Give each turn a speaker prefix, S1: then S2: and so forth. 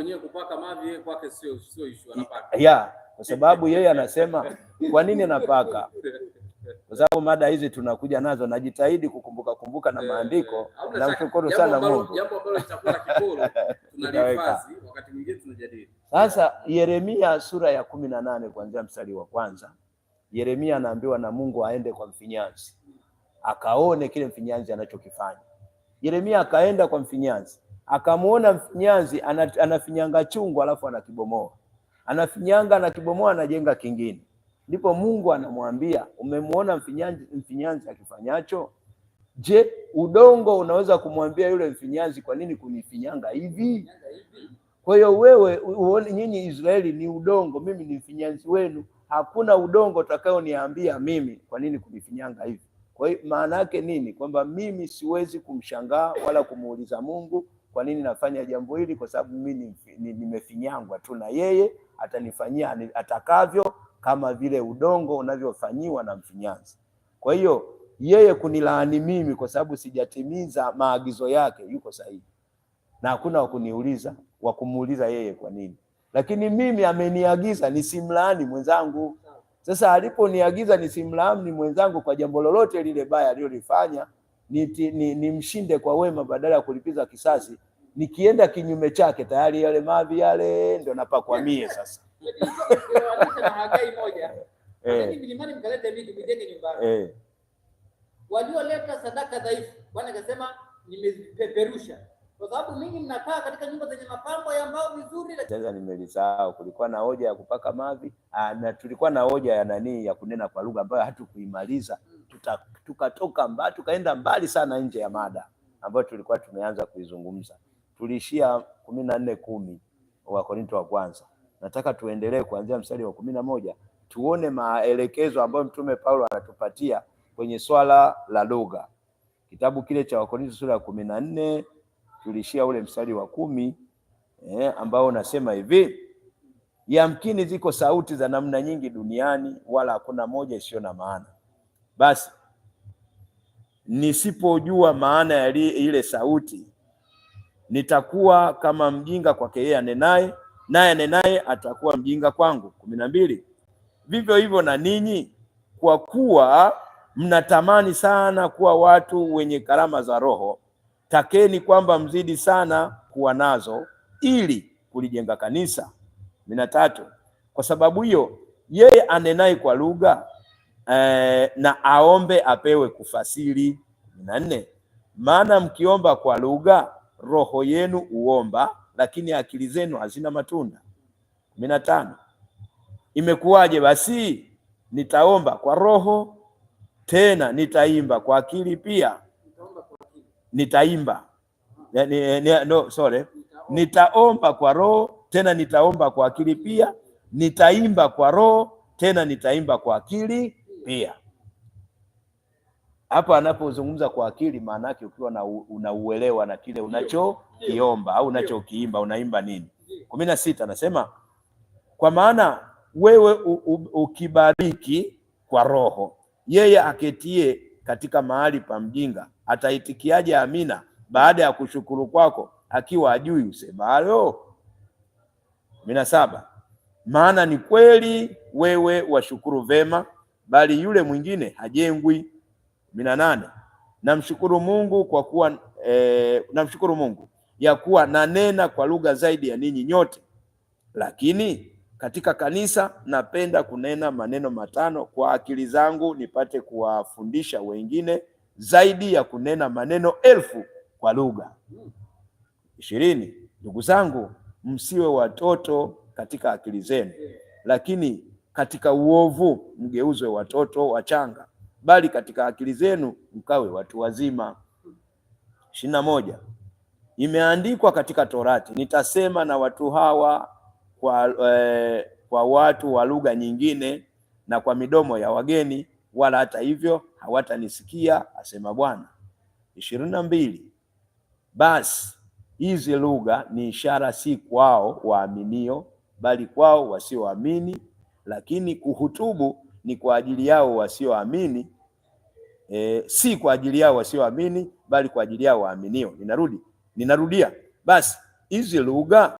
S1: mwenyewe kupaka mavi yeye kwake sio sio issue, anapaka
S2: yeah, kwa sababu yeye anasema kwa nini anapaka kwa sababu mada hizi tunakuja nazo, najitahidi kukumbuka kumbuka na eh, maandiko. Eh, Namshukuru sana Mungu. Sasa Yeremia sura ya kumi na nane kuanzia mstari wa kwanza, Yeremia anaambiwa na Mungu aende kwa mfinyanzi akaone kile mfinyanzi anachokifanya. Yeremia akaenda kwa mfinyanzi, akamwona mfinyanzi anafinyanga chungu alafu anakibomoa, anafinyanga anakibomoa, anajenga kingine. Ndipo Mungu anamwambia umemwona mfinyanzi, mfinyanzi akifanyacho? Je, udongo unaweza kumwambia yule mfinyanzi, kwa nini kunifinyanga hivi? Kwa hiyo wewe uone, nyinyi Israeli ni udongo, mimi ni mfinyanzi wenu. Hakuna udongo utakayoniambia mimi kwa nini kunifinyanga hivi. Kwa hiyo maana yake nini? Kwamba mimi siwezi kumshangaa wala kumuuliza Mungu kwa nini nafanya jambo hili? Kwa sababu mimi nimefinyangwa tu, na yeye atanifanyia atakavyo, kama vile udongo unavyofanyiwa na mfinyanzi. Kwa hiyo yeye kunilaani mimi kwa sababu sijatimiza maagizo yake, yuko sahihi na hakuna wa kuniuliza wa kumuuliza yeye kwa nini, lakini mimi ameniagiza nisimlaani mwenzangu. Sasa aliponiagiza nisimlaani mwenzangu kwa jambo lolote lile baya aliyolifanya ni, ni, ni mshinde kwa wema badala ya kulipiza kisasi. Nikienda kinyume chake tayari yale mavi yale ndo napakwa mie sasa eh. eh. walioleta sadaka dhaifu, Bwana akasema nimezipeperusha, kwa sababu mimi mnakaa katika nyumba zenye mapambo ya mbao vizuri. Sasa nimelisahau, kulikuwa na hoja ya kupaka mavi ah, na tulikuwa na hoja ya nani ya kunena kwa lugha ambayo hatukuimaliza. Mm tukatoka tuka mba, tukaenda mbali sana nje ya mada ambayo tulikuwa tumeanza kuizungumza. Tuliishia kumi na nne kumi wa Korinto wa kwanza. Nataka tuendelee kuanzia mstari wa kumi na moja tuone maelekezo ambayo mtume Paulo anatupatia kwenye swala la lugha. Kitabu kile cha Wakorinto sura ya kumi na nne tulishia ule mstari wa kumi eh, ambao unasema hivi: yamkini ziko sauti za namna nyingi duniani, wala hakuna moja isiyo na maana. Basi nisipojua maana ya ile sauti nitakuwa kama mjinga kwake yeye anenaye, naye anenaye atakuwa mjinga kwangu. kumi na mbili. Vivyo hivyo na ninyi, kwa kuwa mnatamani sana kuwa watu wenye karama za Roho, takeni kwamba mzidi sana kuwa nazo, ili kulijenga kanisa. kumi na tatu. Kwa sababu hiyo, yeye anenaye kwa lugha eh, na aombe apewe kufasiri. kumi na nne maana mkiomba kwa lugha, roho yenu uomba, lakini akili zenu hazina matunda. kumi na tano imekuwaje basi? Nitaomba kwa roho tena nitaimba kwa akili pia, nitaimba no, sorry, nitaomba kwa roho tena nitaomba kwa akili pia, nitaimba kwa roho tena nitaimba kwa akili pia. Hapa anapozungumza kwa akili, maana yake ukiwa na unauelewa na kile unachokiomba au unachokiimba, unaimba nini? kumi na sita anasema kwa maana wewe ukibariki kwa roho, yeye aketie katika mahali pa mjinga ataitikiaje amina baada ya kushukuru kwako, akiwa ajui usemalo? kumi na saba maana ni kweli wewe washukuru vema bali yule mwingine hajengwi. kumi na nane. Namshukuru Mungu kwa kuwa e, namshukuru Mungu ya kuwa nanena kwa lugha zaidi ya ninyi nyote, lakini katika kanisa napenda kunena maneno matano kwa akili zangu, nipate kuwafundisha wengine zaidi ya kunena maneno elfu kwa lugha. ishirini. Ndugu zangu, msiwe watoto katika akili zenu, lakini katika uovu mgeuzwe watoto wachanga, bali katika akili zenu mkawe watu wazima. ishirini na moja. Imeandikwa katika Torati, nitasema na watu hawa kwa, eh, kwa watu wa lugha nyingine na kwa midomo ya wageni, wala hata hivyo hawatanisikia, asema Bwana. ishirini na mbili. Basi hizi lugha ni ishara si kwao waaminio, bali kwao wasioamini lakini kuhutubu ni kwa ajili yao wasioamini e, si kwa ajili yao wasioamini, bali kwa ajili yao waaminio. Ninarudi, ninarudia basi, hizi lugha